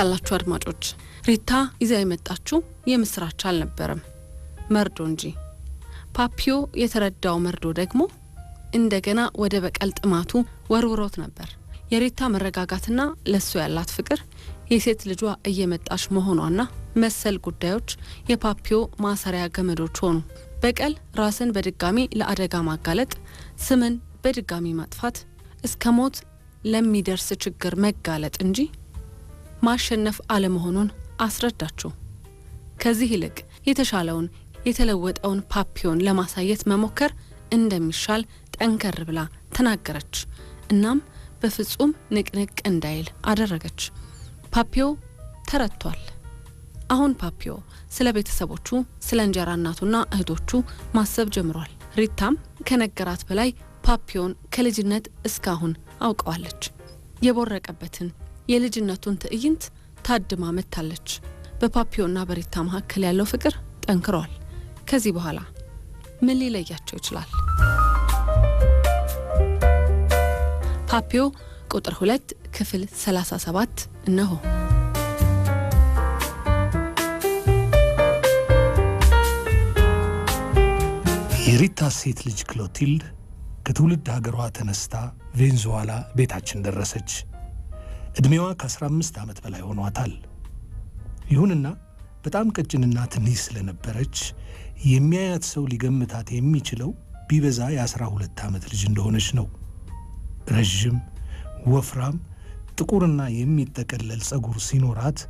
ያላችሁ አድማጮች ሪታ ይዛ የመጣችው የምስራች አልነበረም፣ መርዶ እንጂ። ፓፒዮ የተረዳው መርዶ ደግሞ እንደገና ወደ በቀል ጥማቱ ወርውሮት ነበር። የሪታ መረጋጋትና ለሱ ያላት ፍቅር፣ የሴት ልጇ እየመጣች መሆኗና መሰል ጉዳዮች የፓፒዮ ማሰሪያ ገመዶች ሆኑ። በቀል ራስን በድጋሚ ለአደጋ ማጋለጥ፣ ስምን በድጋሚ ማጥፋት፣ እስከ ሞት ለሚደርስ ችግር መጋለጥ እንጂ ማሸነፍ አለመሆኑን አስረዳችሁ። ከዚህ ይልቅ የተሻለውን የተለወጠውን ፓፒዮን ለማሳየት መሞከር እንደሚሻል ጠንከር ብላ ተናገረች። እናም በፍጹም ንቅንቅ እንዳይል አደረገች። ፓፒዮ ተረቷል። አሁን ፓፒዮ ስለ ቤተሰቦቹ፣ ስለ እንጀራ እናቱና እህቶቹ ማሰብ ጀምሯል። ሪታም ከነገራት በላይ ፓፒዮን ከልጅነት እስካሁን አውቀዋለች። የቦረቀበትን የልጅነቱን ትዕይንት ታድማ በፓፒዮ በፓፒዮና በሪታ መካከል ያለው ፍቅር ጠንክሯል። ከዚህ በኋላ ምን ሊለያቸው ይችላል? ፓፒዮ ቁጥር 2 ክፍል 37 እነሆ። የሪታ ሴት ልጅ ክሎቲልድ ከትውልድ ሀገሯ ተነስታ ቬንዙዋላ ቤታችን ደረሰች። ዕድሜዋ ከ15 ዓመት በላይ ሆኗታል። ይሁንና በጣም ቀጭንና ትንሽ ስለነበረች የሚያያት ሰው ሊገምታት የሚችለው ቢበዛ የ12 ዓመት ልጅ እንደሆነች ነው። ረዥም፣ ወፍራም፣ ጥቁርና የሚጠቀለል ጸጉር ሲኖራት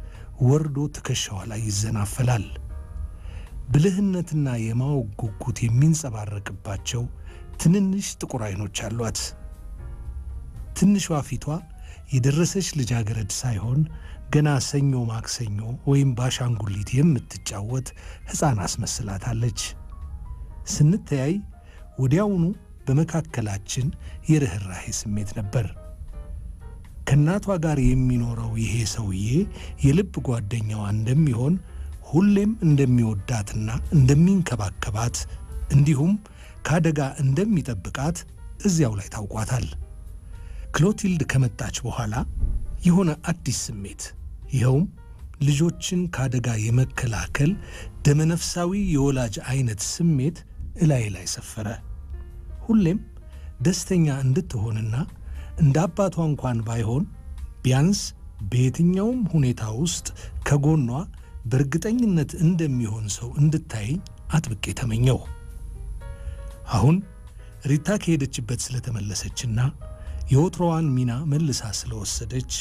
ወርዶ ትከሻዋ ላይ ይዘናፈላል። ብልህነትና የማወቅ ጉጉት የሚንጸባረቅባቸው ትንንሽ ጥቁር አይኖች አሏት። ትንሿ ፊቷ የደረሰች ልጃገረድ ሳይሆን ገና ሰኞ ማክሰኞ ወይም ባሻንጉሊት የምትጫወት ሕፃን አስመስላታለች። ስንተያይ ወዲያውኑ በመካከላችን የርኅራሄ ስሜት ነበር። ከእናቷ ጋር የሚኖረው ይሄ ሰውዬ የልብ ጓደኛዋ እንደሚሆን ሁሌም እንደሚወዳትና እንደሚንከባከባት እንዲሁም ከአደጋ እንደሚጠብቃት እዚያው ላይ ታውቋታል። ክሎቲልድ ከመጣች በኋላ የሆነ አዲስ ስሜት ይኸውም ልጆችን ከአደጋ የመከላከል ደመነፍሳዊ የወላጅ አይነት ስሜት እላይ ላይ ሰፈረ። ሁሌም ደስተኛ እንድትሆንና እንደ አባቷ እንኳን ባይሆን ቢያንስ በየትኛውም ሁኔታ ውስጥ ከጎኗ በእርግጠኝነት እንደሚሆን ሰው እንድታየኝ አጥብቄ ተመኘው። አሁን ሪታ ከሄደችበት ስለተመለሰችና የወትሮዋን ሚና መልሳ ስለወሰደች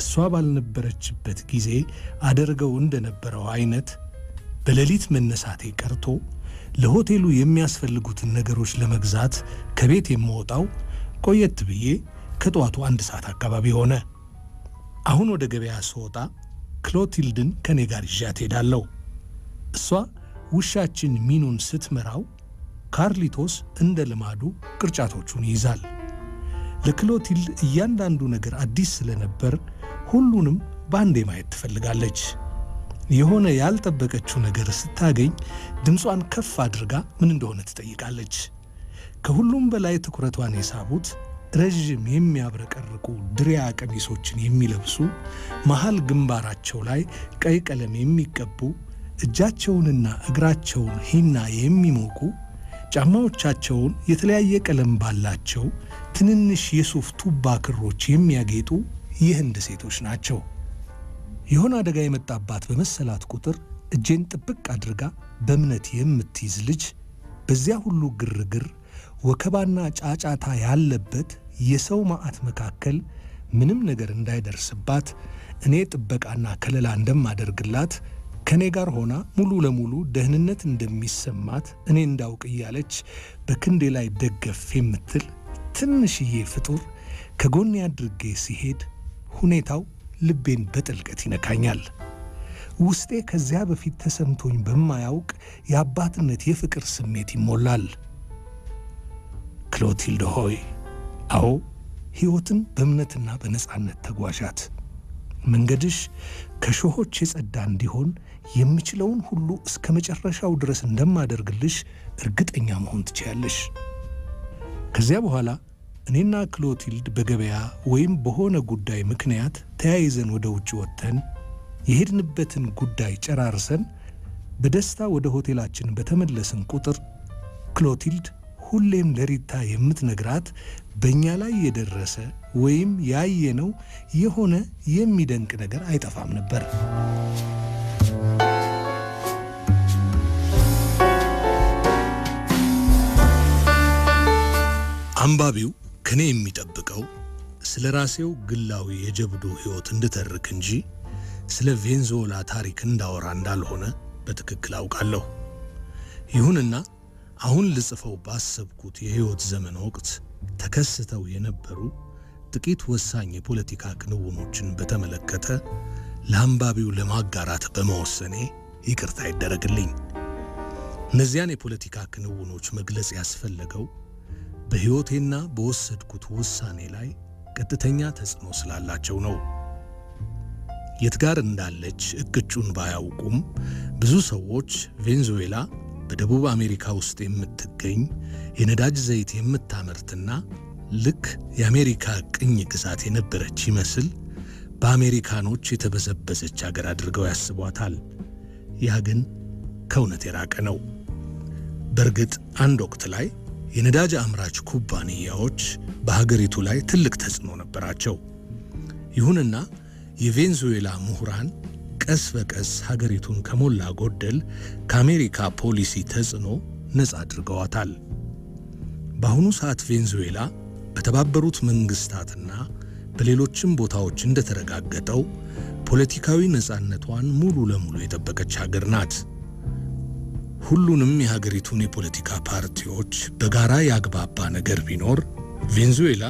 እሷ ባልነበረችበት ጊዜ አደርገው እንደነበረው አይነት በሌሊት መነሳቴ ቀርቶ ለሆቴሉ የሚያስፈልጉትን ነገሮች ለመግዛት ከቤት የምወጣው ቆየት ብዬ ከጠዋቱ አንድ ሰዓት አካባቢ ሆነ። አሁን ወደ ገበያ ስወጣ ክሎቲልድን ከኔ ጋር ይዣት ሄዳለሁ። እሷ ውሻችን ሚኑን ስትመራው ካርሊቶስ እንደ ልማዱ ቅርጫቶቹን ይይዛል። ለክሎቲል እያንዳንዱ ነገር አዲስ ስለነበር ሁሉንም በአንዴ ማየት ትፈልጋለች። የሆነ ያልጠበቀችው ነገር ስታገኝ ድምጿን ከፍ አድርጋ ምን እንደሆነ ትጠይቃለች። ከሁሉም በላይ ትኩረቷን የሳቡት ረዥም የሚያብረቀርቁ ድሪያ ቀሚሶችን የሚለብሱ መሃል ግንባራቸው ላይ ቀይ ቀለም የሚቀቡ እጃቸውንና እግራቸውን ሂና የሚሞቁ ጫማዎቻቸውን የተለያየ ቀለም ባላቸው ትንንሽ የሱፍ ቱባ ክሮች የሚያጌጡ የህንድ ሴቶች ናቸው። የሆነ አደጋ የመጣባት በመሰላት ቁጥር እጄን ጥብቅ አድርጋ በእምነት የምትይዝ ልጅ በዚያ ሁሉ ግርግር፣ ወከባና ጫጫታ ያለበት የሰው ማዕት መካከል ምንም ነገር እንዳይደርስባት እኔ ጥበቃና ከለላ እንደማደርግላት ከእኔ ጋር ሆና ሙሉ ለሙሉ ደህንነት እንደሚሰማት እኔ እንዳውቅ እያለች በክንዴ ላይ ደገፍ የምትል ትንሽዬ ፍጡር ከጎኔ አድርጌ ሲሄድ ሁኔታው ልቤን በጥልቀት ይነካኛል። ውስጤ ከዚያ በፊት ተሰምቶኝ በማያውቅ የአባትነት የፍቅር ስሜት ይሞላል። ክሎቲልድ ሆይ፣ አዎ ሕይወትን በእምነትና በነፃነት ተጓዣት። መንገድሽ ከሾሆች የጸዳ እንዲሆን የምችለውን ሁሉ እስከ መጨረሻው ድረስ እንደማደርግልሽ እርግጠኛ መሆን ትችያለሽ። ከዚያ በኋላ እኔና ክሎቲልድ በገበያ ወይም በሆነ ጉዳይ ምክንያት ተያይዘን ወደ ውጭ ወጥተን የሄድንበትን ጉዳይ ጨራርሰን በደስታ ወደ ሆቴላችን በተመለስን ቁጥር ክሎቲልድ ሁሌም ለሪታ የምትነግራት በእኛ ላይ የደረሰ ወይም ያየነው የሆነ የሚደንቅ ነገር አይጠፋም ነበር። አንባቢው ከኔ የሚጠብቀው ስለ ራሴው ግላዊ የጀብዱ ሕይወት እንድተርክ እንጂ ስለ ቬንዙዌላ ታሪክ እንዳወራ እንዳልሆነ በትክክል አውቃለሁ። ይሁንና አሁን ልጽፈው ባሰብኩት የሕይወት ዘመን ወቅት ተከስተው የነበሩ ጥቂት ወሳኝ የፖለቲካ ክንውኖችን በተመለከተ ለአንባቢው ለማጋራት በመወሰኔ ይቅርታ ይደረግልኝ። እነዚያን የፖለቲካ ክንውኖች መግለጽ ያስፈለገው በሕይወቴና በወሰድኩት ውሳኔ ላይ ቀጥተኛ ተጽዕኖ ስላላቸው ነው። የት ጋር እንዳለች እቅጩን ባያውቁም ብዙ ሰዎች ቬንዙዌላ በደቡብ አሜሪካ ውስጥ የምትገኝ የነዳጅ ዘይት የምታመርትና ልክ የአሜሪካ ቅኝ ግዛት የነበረች ይመስል በአሜሪካኖች የተበዘበዘች አገር አድርገው ያስቧታል። ያ ግን ከእውነት የራቀ ነው። በእርግጥ አንድ ወቅት ላይ የነዳጅ አምራች ኩባንያዎች በሀገሪቱ ላይ ትልቅ ተጽዕኖ ነበራቸው። ይሁንና የቬንዙዌላ ምሁራን ቀስ በቀስ ሀገሪቱን ከሞላ ጎደል ከአሜሪካ ፖሊሲ ተጽዕኖ ነፃ አድርገዋታል። በአሁኑ ሰዓት ቬንዙዌላ በተባበሩት መንግስታትና በሌሎችም ቦታዎች እንደተረጋገጠው ፖለቲካዊ ነፃነቷን ሙሉ ለሙሉ የጠበቀች ሀገር ናት። ሁሉንም የሀገሪቱን የፖለቲካ ፓርቲዎች በጋራ ያግባባ ነገር ቢኖር ቬንዙዌላ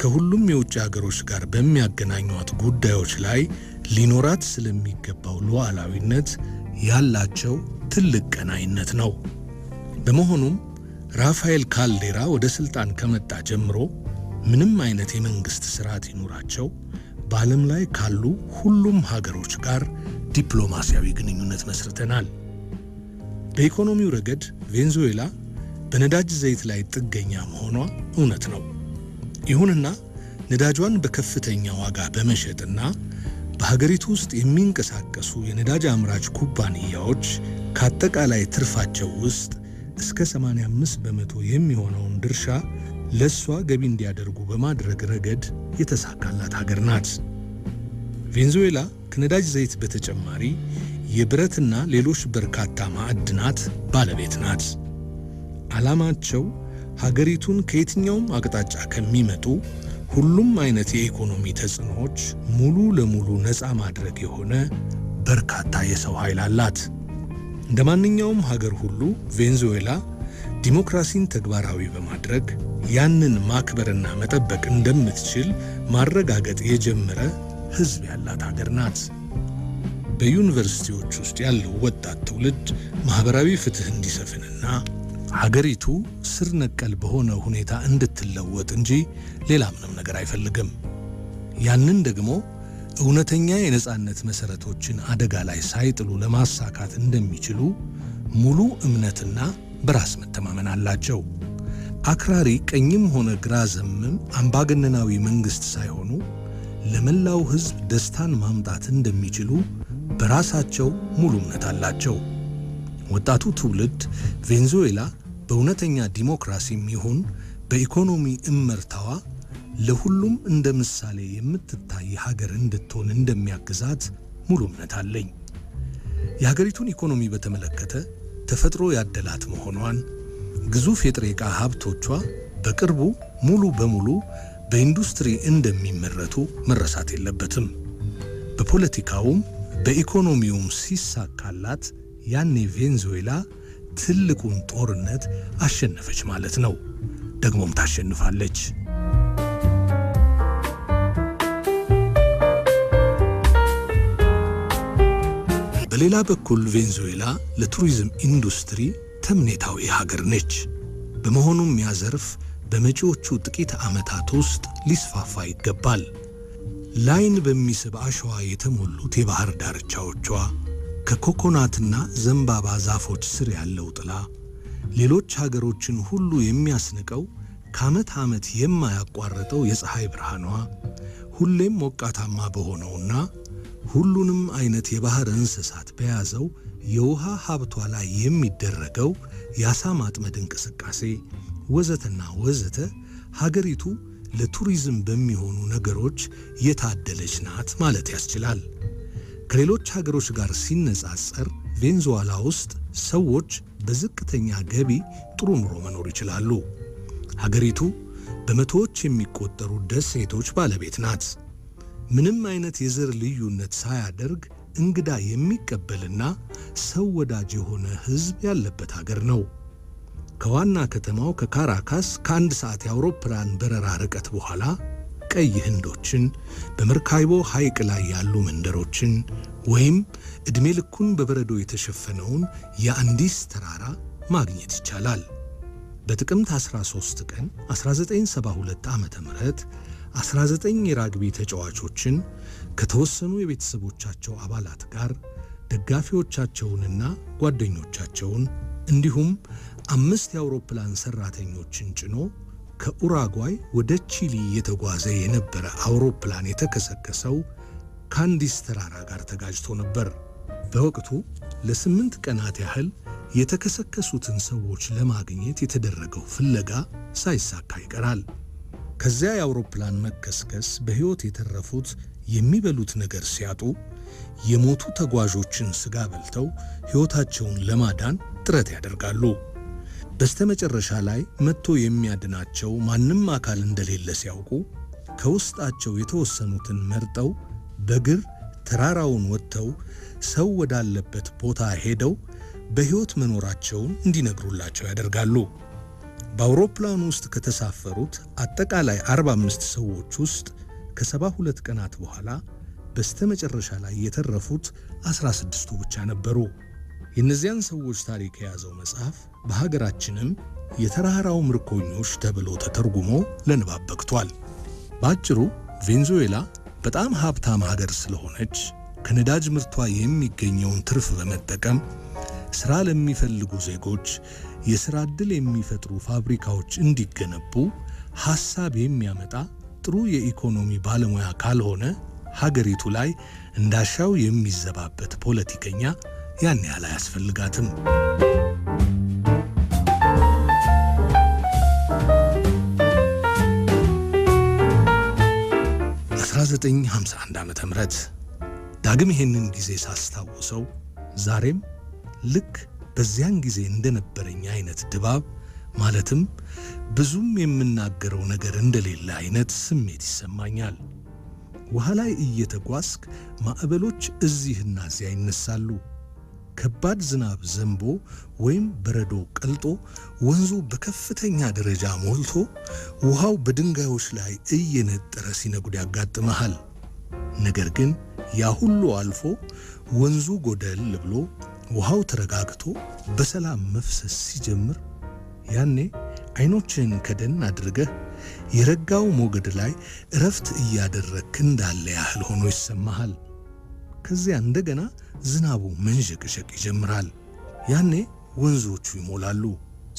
ከሁሉም የውጭ ሀገሮች ጋር በሚያገናኟት ጉዳዮች ላይ ሊኖራት ስለሚገባው ሉዓላዊነት ያላቸው ትልቅ ቀናይነት ነው። በመሆኑም ራፋኤል ካልዴራ ወደ ሥልጣን ከመጣ ጀምሮ ምንም አይነት የመንግሥት ሥርዓት ይኖራቸው በዓለም ላይ ካሉ ሁሉም ሀገሮች ጋር ዲፕሎማሲያዊ ግንኙነት መስርተናል። በኢኮኖሚው ረገድ ቬንዙዌላ በነዳጅ ዘይት ላይ ጥገኛ መሆኗ እውነት ነው። ይሁንና ነዳጇን በከፍተኛ ዋጋ በመሸጥና በሀገሪቱ ውስጥ የሚንቀሳቀሱ የነዳጅ አምራች ኩባንያዎች ከአጠቃላይ ትርፋቸው ውስጥ እስከ 85 በመቶ የሚሆነውን ድርሻ ለእሷ ገቢ እንዲያደርጉ በማድረግ ረገድ የተሳካላት ሀገር ናት። ቬንዙዌላ ከነዳጅ ዘይት በተጨማሪ የብረትና ሌሎች በርካታ ማዕድናት ባለቤት ናት። ዓላማቸው ሀገሪቱን ከየትኛውም አቅጣጫ ከሚመጡ ሁሉም አይነት የኢኮኖሚ ተጽዕኖዎች ሙሉ ለሙሉ ነፃ ማድረግ የሆነ በርካታ የሰው ኃይል አላት። እንደ ማንኛውም ሀገር ሁሉ ቬንዙዌላ ዲሞክራሲን ተግባራዊ በማድረግ ያንን ማክበርና መጠበቅ እንደምትችል ማረጋገጥ የጀመረ ሕዝብ ያላት ሀገር ናት። በዩኒቨርሲቲዎች ውስጥ ያለው ወጣት ትውልድ ማህበራዊ ፍትህ እንዲሰፍንና ሀገሪቱ ስር ነቀል በሆነ ሁኔታ እንድትለወጥ እንጂ ሌላ ምንም ነገር አይፈልግም። ያንን ደግሞ እውነተኛ የነፃነት መሰረቶችን አደጋ ላይ ሳይጥሉ ለማሳካት እንደሚችሉ ሙሉ እምነትና በራስ መተማመን አላቸው። አክራሪ ቀኝም ሆነ ግራ ዘመም አምባገነናዊ መንግሥት ሳይሆኑ ለመላው ሕዝብ ደስታን ማምጣት እንደሚችሉ በራሳቸው ሙሉ እምነት አላቸው። ወጣቱ ትውልድ ቬንዙዌላ በእውነተኛ ዲሞክራሲም ይሁን በኢኮኖሚ እመርታዋ ለሁሉም እንደ ምሳሌ የምትታይ ሀገር እንድትሆን እንደሚያግዛት ሙሉ እምነት አለኝ። የሀገሪቱን ኢኮኖሚ በተመለከተ ተፈጥሮ ያደላት መሆኗን ግዙፍ የጥሬ ዕቃ ሀብቶቿ በቅርቡ ሙሉ በሙሉ በኢንዱስትሪ እንደሚመረቱ መረሳት የለበትም። በፖለቲካውም በኢኮኖሚውም ሲሳካላት ያኔ ቬንዙዌላ ትልቁን ጦርነት አሸነፈች ማለት ነው። ደግሞም ታሸንፋለች። በሌላ በኩል ቬንዙዌላ ለቱሪዝም ኢንዱስትሪ ተምኔታዊ ሀገር ነች። በመሆኑም ያ ዘርፍ በመጪዎቹ ጥቂት ዓመታት ውስጥ ሊስፋፋ ይገባል። ላይን በሚስብ አሸዋ የተሞሉት የባህር ዳርቻዎቿ ከኮኮናትና ዘንባባ ዛፎች ስር ያለው ጥላ ሌሎች ሀገሮችን ሁሉ የሚያስንቀው ከዓመት ዓመት የማያቋርጠው የፀሐይ ብርሃኗ ሁሌም ሞቃታማ በሆነውና ሁሉንም አይነት የባህር እንስሳት በያዘው የውሃ ሀብቷ ላይ የሚደረገው የአሳ ማጥመድ እንቅስቃሴ ወዘተና ወዘተ ሀገሪቱ ለቱሪዝም በሚሆኑ ነገሮች የታደለች ናት ማለት ያስችላል። ከሌሎች ሀገሮች ጋር ሲነጻጸር ቬንዙዋላ ውስጥ ሰዎች በዝቅተኛ ገቢ ጥሩ ኑሮ መኖር ይችላሉ። ሀገሪቱ በመቶዎች የሚቆጠሩ ደሴቶች ባለቤት ናት። ምንም አይነት የዘር ልዩነት ሳያደርግ እንግዳ የሚቀበልና ሰው ወዳጅ የሆነ ሕዝብ ያለበት ሀገር ነው። ከዋና ከተማው ከካራካስ ከአንድ ሰዓት የአውሮፕላን በረራ ርቀት በኋላ ቀይ ህንዶችን በመርካይቦ ሐይቅ ላይ ያሉ መንደሮችን ወይም ዕድሜ ልኩን በበረዶ የተሸፈነውን የአንዲስ ተራራ ማግኘት ይቻላል። በጥቅምት 13 ቀን 1972 ዓ ም 19 የራግቢ ተጫዋቾችን ከተወሰኑ የቤተሰቦቻቸው አባላት ጋር ደጋፊዎቻቸውንና ጓደኞቻቸውን እንዲሁም አምስት የአውሮፕላን ሰራተኞችን ጭኖ ከኡራጓይ ወደ ቺሊ የተጓዘ የነበረ አውሮፕላን የተከሰከሰው ከአንዲስ ተራራ ጋር ተጋጅቶ ነበር። በወቅቱ ለስምንት ቀናት ያህል የተከሰከሱትን ሰዎች ለማግኘት የተደረገው ፍለጋ ሳይሳካ ይቀራል። ከዚያ የአውሮፕላን መከስከስ በሕይወት የተረፉት የሚበሉት ነገር ሲያጡ የሞቱ ተጓዦችን ሥጋ በልተው ሕይወታቸውን ለማዳን ጥረት ያደርጋሉ። በስተመጨረሻ ላይ መጥቶ የሚያድናቸው ማንም አካል እንደሌለ ሲያውቁ ከውስጣቸው የተወሰኑትን መርጠው በግር ተራራውን ወጥተው ሰው ወዳለበት ቦታ ሄደው በሕይወት መኖራቸውን እንዲነግሩላቸው ያደርጋሉ። በአውሮፕላን ውስጥ ከተሳፈሩት አጠቃላይ 45 ሰዎች ውስጥ ከ72 ቀናት በኋላ በስተመጨረሻ ላይ የተረፉት 16ቱ ብቻ ነበሩ። የእነዚያን ሰዎች ታሪክ የያዘው መጽሐፍ በሀገራችንም የተራራው ምርኮኞች ተብሎ ተተርጉሞ ለንባብ በቅቷል። በአጭሩ ቬንዙዌላ በጣም ሀብታም ሀገር ስለሆነች ከነዳጅ ምርቷ የሚገኘውን ትርፍ በመጠቀም ስራ ለሚፈልጉ ዜጎች የስራ ዕድል የሚፈጥሩ ፋብሪካዎች እንዲገነቡ ሐሳብ የሚያመጣ ጥሩ የኢኮኖሚ ባለሙያ ካልሆነ ሀገሪቱ ላይ እንዳሻው የሚዘባበት ፖለቲከኛ ያን ያህል አያስፈልጋትም። በ1951 ዳግም ይሄንን ጊዜ ሳስታውሰው ዛሬም ልክ በዚያን ጊዜ እንደነበረኝ አይነት ድባብ ማለትም ብዙም የምናገረው ነገር እንደሌለ አይነት ስሜት ይሰማኛል። ውሃ ላይ እየተጓዝክ ማዕበሎች እዚህና እዚያ ይነሳሉ። ከባድ ዝናብ ዘንቦ ወይም በረዶ ቀልጦ ወንዙ በከፍተኛ ደረጃ ሞልቶ ውሃው በድንጋዮች ላይ እየነጠረ ሲነጉድ ያጋጥመሃል። ነገር ግን ያ ሁሉ አልፎ ወንዙ ጎደል ብሎ ውሃው ተረጋግቶ በሰላም መፍሰስ ሲጀምር ያኔ አይኖችን ከደን አድርገህ የረጋው ሞገድ ላይ እረፍት እያደረግክ እንዳለ ያህል ሆኖ ይሰማሃል። ከዚያ እንደገና ዝናቡ መንሸቅሸቅ ይጀምራል። ያኔ ወንዞቹ ይሞላሉ።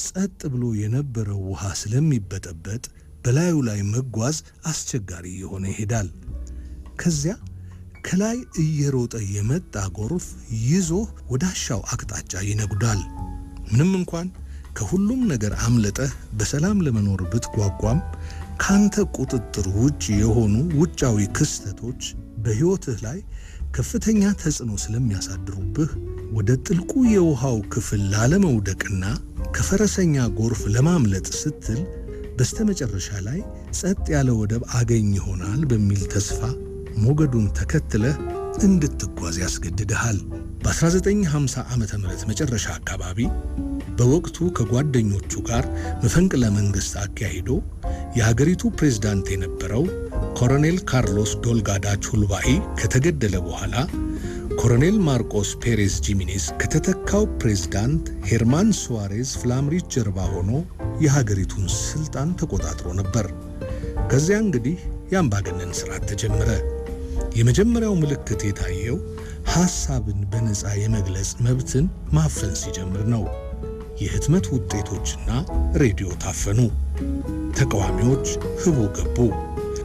ጸጥ ብሎ የነበረው ውሃ ስለሚበጠበጥ በላዩ ላይ መጓዝ አስቸጋሪ የሆነ ይሄዳል። ከዚያ ከላይ እየሮጠ የመጣ ጎርፍ ይዞ ወዳሻው አቅጣጫ ይነጉዳል። ምንም እንኳን ከሁሉም ነገር አምለጠህ በሰላም ለመኖር ብትጓጓም ካንተ ቁጥጥር ውጭ የሆኑ ውጫዊ ክስተቶች በሕይወትህ ላይ ከፍተኛ ተጽዕኖ ስለሚያሳድሩብህ ወደ ጥልቁ የውሃው ክፍል ላለመውደቅና ከፈረሰኛ ጎርፍ ለማምለጥ ስትል በስተመጨረሻ ላይ ጸጥ ያለ ወደብ አገኝ ይሆናል በሚል ተስፋ ሞገዱን ተከትለህ እንድትጓዝ ያስገድድሃል። በ1950 ዓ ም መጨረሻ አካባቢ በወቅቱ ከጓደኞቹ ጋር መፈንቅለ መንግሥት አካሂዶ የሀገሪቱ ፕሬዝዳንት የነበረው ኮሎኔል ካርሎስ ዶልጋዳ ቹልባኢ ከተገደለ በኋላ ኮሎኔል ማርቆስ ፔሬዝ ጂሚኔስ ከተተካው ፕሬዝዳንት ሄርማን ሱዋሬዝ ፍላምሪች ጀርባ ሆኖ የሀገሪቱን ስልጣን ተቆጣጥሮ ነበር። ከዚያ እንግዲህ የአምባገነን ስርዓት ተጀመረ። የመጀመሪያው ምልክት የታየው ሐሳብን በነፃ የመግለጽ መብትን ማፈን ሲጀምር ነው። የህትመት ውጤቶችና ሬዲዮ ታፈኑ። ተቃዋሚዎች ህቡ ገቡ።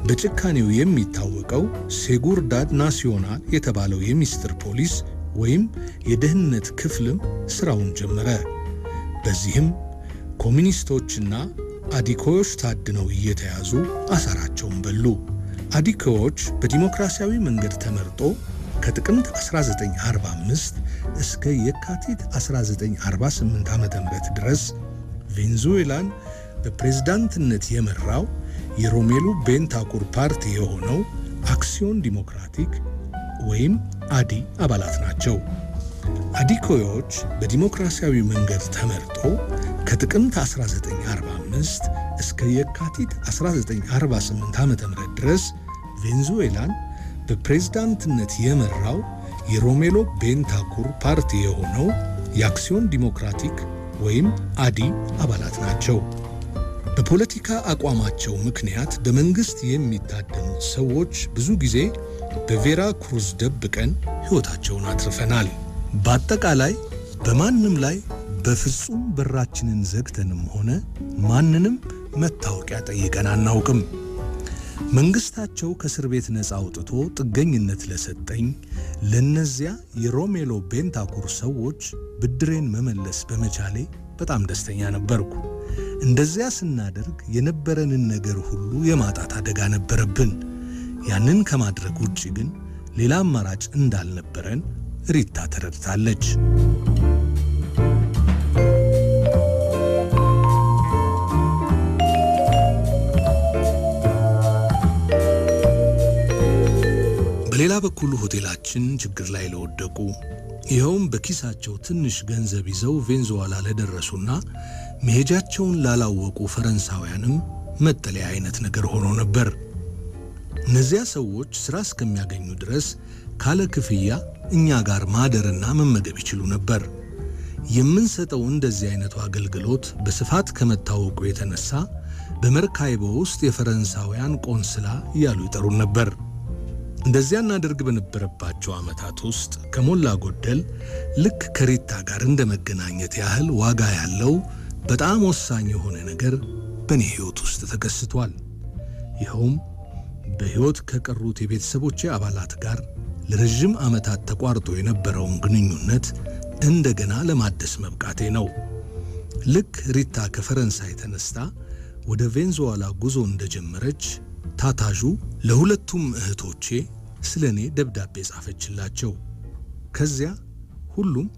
በጭካኔው የሚታወቀው ሴጉርዳድ ናሲዮናል የተባለው የሚስጥር ፖሊስ ወይም የደህንነት ክፍልም ሥራውን ጀመረ። በዚህም ኮሚኒስቶችና አዲኮዎች ታድነው እየተያዙ አሳራቸውን በሉ። አዲኮዎች በዲሞክራሲያዊ መንገድ ተመርጦ ከጥቅምት 1945 እስከ የካቲት 1948 ዓ.ም ድረስ ቬንዙዌላን በፕሬዝዳንትነት የመራው የሮሜሉ ቤንታኩር ፓርቲ የሆነው አክሲዮን ዲሞክራቲክ ወይም አዲ አባላት ናቸው። አዲኮዎች በዲሞክራሲያዊ መንገድ ተመርጦ ከጥቅምት 1945 እስከ የካቲት 1948 ዓ ም ድረስ ቬንዙዌላን በፕሬዝዳንትነት የመራው የሮሜሎ ቤንታኩር ፓርቲ የሆነው የአክሲዮን ዲሞክራቲክ ወይም አዲ አባላት ናቸው። በፖለቲካ አቋማቸው ምክንያት በመንግስት የሚታደኑት ሰዎች ብዙ ጊዜ በቬራ ክሩዝ ደብቀን ሕይወታቸውን አትርፈናል። በአጠቃላይ በማንም ላይ በፍጹም በራችንን ዘግተንም ሆነ ማንንም መታወቂያ ጠይቀን አናውቅም። መንግስታቸው ከእስር ቤት ነፃ አውጥቶ ጥገኝነት ለሰጠኝ ለነዚያ የሮሜሎ ቤንታኩር ሰዎች ብድሬን መመለስ በመቻሌ በጣም ደስተኛ ነበርኩ። እንደዚያ ስናደርግ የነበረንን ነገር ሁሉ የማጣት አደጋ ነበረብን። ያንን ከማድረግ ውጭ ግን ሌላ አማራጭ እንዳልነበረን ሪታ ተረድታለች። በሌላ በኩል ሆቴላችን ችግር ላይ ለወደቁ ይኸውም በኪሳቸው ትንሽ ገንዘብ ይዘው ቬንዙዋላ ለደረሱና መሄጃቸውን ላላወቁ ፈረንሳውያንም መጠለያ አይነት ነገር ሆኖ ነበር። እነዚያ ሰዎች ሥራ እስከሚያገኙ ድረስ ካለ ክፍያ እኛ ጋር ማደርና መመገብ ይችሉ ነበር። የምንሰጠው እንደዚህ አይነቱ አገልግሎት በስፋት ከመታወቁ የተነሳ በመርካይቦ ውስጥ የፈረንሳውያን ቆንስላ እያሉ ይጠሩን ነበር። እንደዚያ እናደርግ በነበረባቸው ዓመታት ውስጥ ከሞላ ጎደል ልክ ከሪታ ጋር እንደ መገናኘት ያህል ዋጋ ያለው በጣም ወሳኝ የሆነ ነገር በእኔ ሕይወት ውስጥ ተከስቷል። ይኸውም በሕይወት ከቀሩት የቤተሰቦቼ አባላት ጋር ለረዥም ዓመታት ተቋርጦ የነበረውን ግንኙነት እንደገና ለማደስ መብቃቴ ነው። ልክ ሪታ ከፈረንሳይ ተነስታ ወደ ቬንዙዋላ ጉዞ እንደጀመረች ታታዡ ለሁለቱም እህቶቼ ስለ እኔ ደብዳቤ ጻፈችላቸው። ከዚያ ሁሉም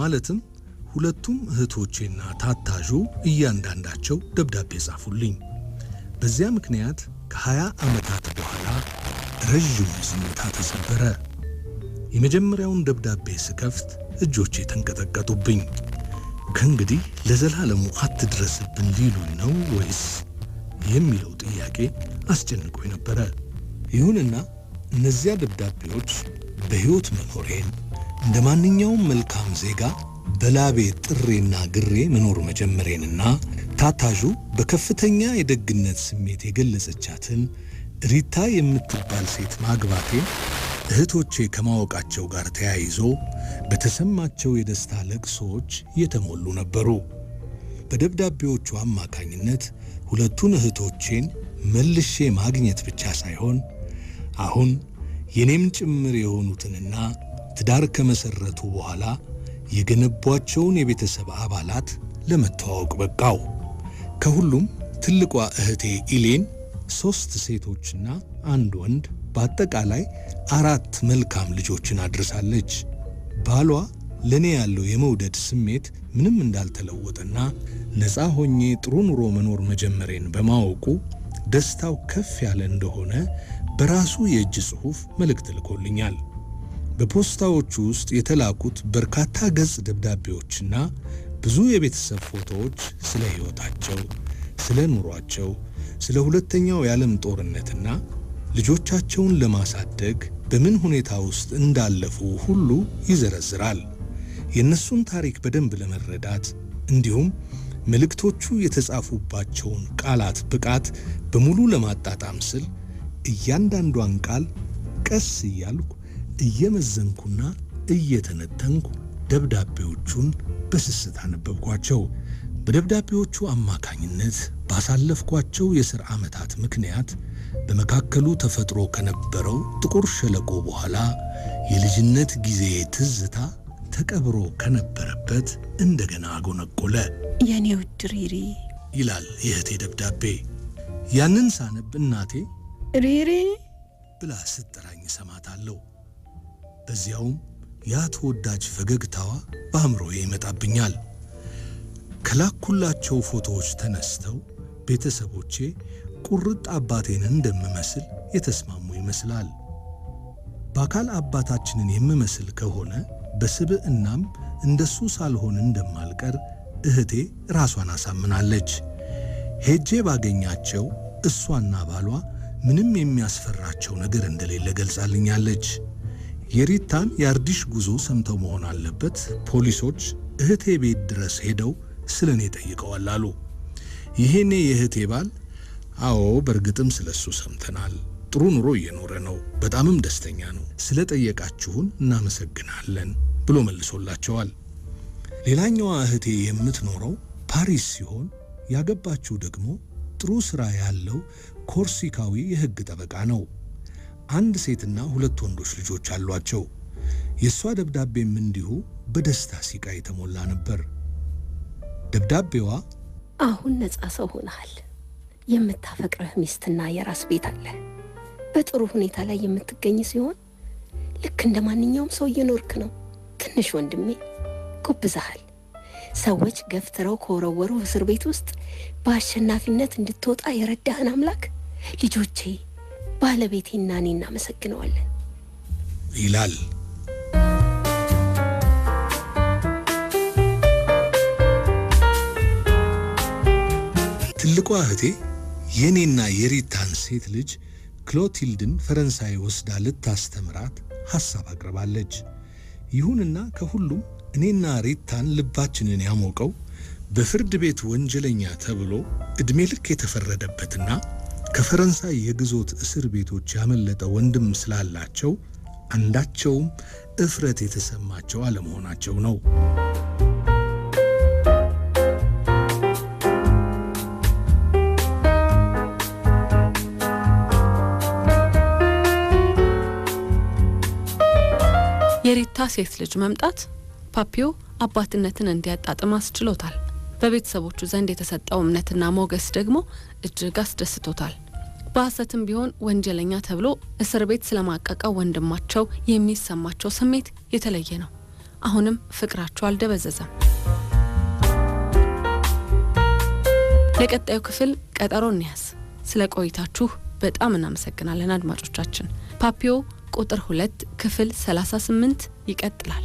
ማለትም ሁለቱም እህቶቼና ታታዡ እያንዳንዳቸው ደብዳቤ ጻፉልኝ። በዚያ ምክንያት ከ20 ዓመታት በኋላ ረዥሙ ዝምታ ተሰበረ። የመጀመሪያውን ደብዳቤ ስከፍት እጆቼ ተንቀጠቀጡብኝ። ከእንግዲህ ለዘላለሙ አትድረስብን ሊሉን ነው ወይስ የሚለው ጥያቄ አስጨንቆኝ ነበረ። ይሁንና እነዚያ ደብዳቤዎች በሕይወት መኖሬን እንደ ማንኛውም መልካም ዜጋ በላቤ ጥሬና ግሬ መኖር መጀመሬንና ታታዡ በከፍተኛ የደግነት ስሜት የገለጸቻትን ሪታ የምትባል ሴት ማግባቴ እህቶቼ ከማወቃቸው ጋር ተያይዞ በተሰማቸው የደስታ ለቅሶዎች የተሞሉ ነበሩ። በደብዳቤዎቹ አማካኝነት ሁለቱን እህቶቼን መልሼ ማግኘት ብቻ ሳይሆን አሁን የኔም ጭምር የሆኑትንና ትዳር ከመሠረቱ በኋላ የገነቧቸውን የቤተሰብ አባላት ለመተዋወቅ በቃው። ከሁሉም ትልቋ እህቴ ኢሌን ሦስት ሴቶችና አንድ ወንድ በአጠቃላይ አራት መልካም ልጆችን አድርሳለች። ባሏ ለእኔ ያለው የመውደድ ስሜት ምንም እንዳልተለወጠና ነፃ ሆኜ ጥሩ ኑሮ መኖር መጀመሬን በማወቁ ደስታው ከፍ ያለ እንደሆነ በራሱ የእጅ ጽሑፍ መልእክት ልኮልኛል። በፖስታዎቹ ውስጥ የተላኩት በርካታ ገጽ ደብዳቤዎችና ብዙ የቤተሰብ ፎቶዎች ስለ ሕይወታቸው፣ ስለ ኑሯቸው፣ ስለ ሁለተኛው የዓለም ጦርነትና ልጆቻቸውን ለማሳደግ በምን ሁኔታ ውስጥ እንዳለፉ ሁሉ ይዘረዝራል። የእነሱን ታሪክ በደንብ ለመረዳት እንዲሁም መልእክቶቹ የተጻፉባቸውን ቃላት ብቃት በሙሉ ለማጣጣም ስል እያንዳንዷን ቃል ቀስ እያልኩ እየመዘንኩና እየተነተንኩ ደብዳቤዎቹን በስስት አነበብኳቸው። በደብዳቤዎቹ አማካኝነት ባሳለፍኳቸው የሥራ ዓመታት ምክንያት በመካከሉ ተፈጥሮ ከነበረው ጥቁር ሸለቆ በኋላ የልጅነት ጊዜ ትዝታ ተቀብሮ ከነበረበት እንደገና አጎነቆለ። የኔ ውድ ሪሪ ይላል የእህቴ ደብዳቤ። ያንን ሳነብ እናቴ ሪሪ ብላ ስትጠራኝ እሰማታለሁ። በዚያውም ያ ተወዳጅ ፈገግታዋ በአእምሮዬ ይመጣብኛል። ከላኩላቸው ፎቶዎች ተነስተው ቤተሰቦቼ ቁርጥ አባቴን እንደምመስል የተስማሙ ይመስላል። በአካል አባታችንን የምመስል ከሆነ በስብዕናም እንደሱ ሳልሆን እንደማልቀር እህቴ ራሷን አሳምናለች። ሄጄ ባገኛቸው እሷና ባሏ ምንም የሚያስፈራቸው ነገር እንደሌለ ገልጻልኛለች። የሪታን የአርዲሽ ጉዞ ሰምተው መሆን አለበት። ፖሊሶች እህቴ ቤት ድረስ ሄደው ስለ እኔ ጠይቀዋል አሉ። ይሄኔ የእህቴ ባል አዎ፣ በእርግጥም ስለ እሱ ሰምተናል። ጥሩ ኑሮ እየኖረ ነው፣ በጣምም ደስተኛ ነው። ስለ ጠየቃችሁን እናመሰግናለን ብሎ መልሶላቸዋል። ሌላኛዋ እህቴ የምትኖረው ፓሪስ ሲሆን ያገባችው ደግሞ ጥሩ ሥራ ያለው ኮርሲካዊ የሕግ ጠበቃ ነው። አንድ ሴትና ሁለት ወንዶች ልጆች አሏቸው። የእሷ ደብዳቤም እንዲሁ በደስታ ሲቃ የተሞላ ነበር። ደብዳቤዋ አሁን ነፃ ሰው ሆነሃል። የምታፈቅረህ ሚስትና የራስ ቤት አለ። በጥሩ ሁኔታ ላይ የምትገኝ ሲሆን ልክ እንደ ማንኛውም ሰው እየኖርክ ነው። ትንሽ ወንድሜ ጎብዛሃል። ሰዎች ገፍትረው ከወረወሩ እስር ቤት ውስጥ በአሸናፊነት እንድትወጣ የረዳህን አምላክ ልጆቼ ባለቤቴና እኔ እናመሰግነዋለን ይላል። ትልቋ እህቴ የእኔና የሪታን ሴት ልጅ ክሎቲልድን ፈረንሳይ ወስዳ ልታስተምራት ሐሳብ አቅርባለች። ይሁንና ከሁሉም እኔና ሪታን ልባችንን ያሞቀው በፍርድ ቤት ወንጀለኛ ተብሎ ዕድሜ ልክ የተፈረደበትና ከፈረንሳይ የግዞት እስር ቤቶች ያመለጠ ወንድም ስላላቸው አንዳቸውም እፍረት የተሰማቸው አለመሆናቸው ነው። የሪታ ሴት ልጅ መምጣት ፓፒዮ አባትነትን እንዲያጣጥም አስችሎታል። በቤተሰቦቹ ዘንድ የተሰጠው እምነትና ሞገስ ደግሞ እጅግ አስደስቶታል። በሐሰትም ቢሆን ወንጀለኛ ተብሎ እስር ቤት ስለማቀቀው ወንድማቸው የሚሰማቸው ስሜት የተለየ ነው። አሁንም ፍቅራቸው አልደበዘዘም። ለቀጣዩ ክፍል ቀጠሮ እንያዝ። ስለ ቆይታችሁ በጣም እናመሰግናለን አድማጮቻችን። ፓፒዮ ቁጥር 2 ክፍል 38 ይቀጥላል።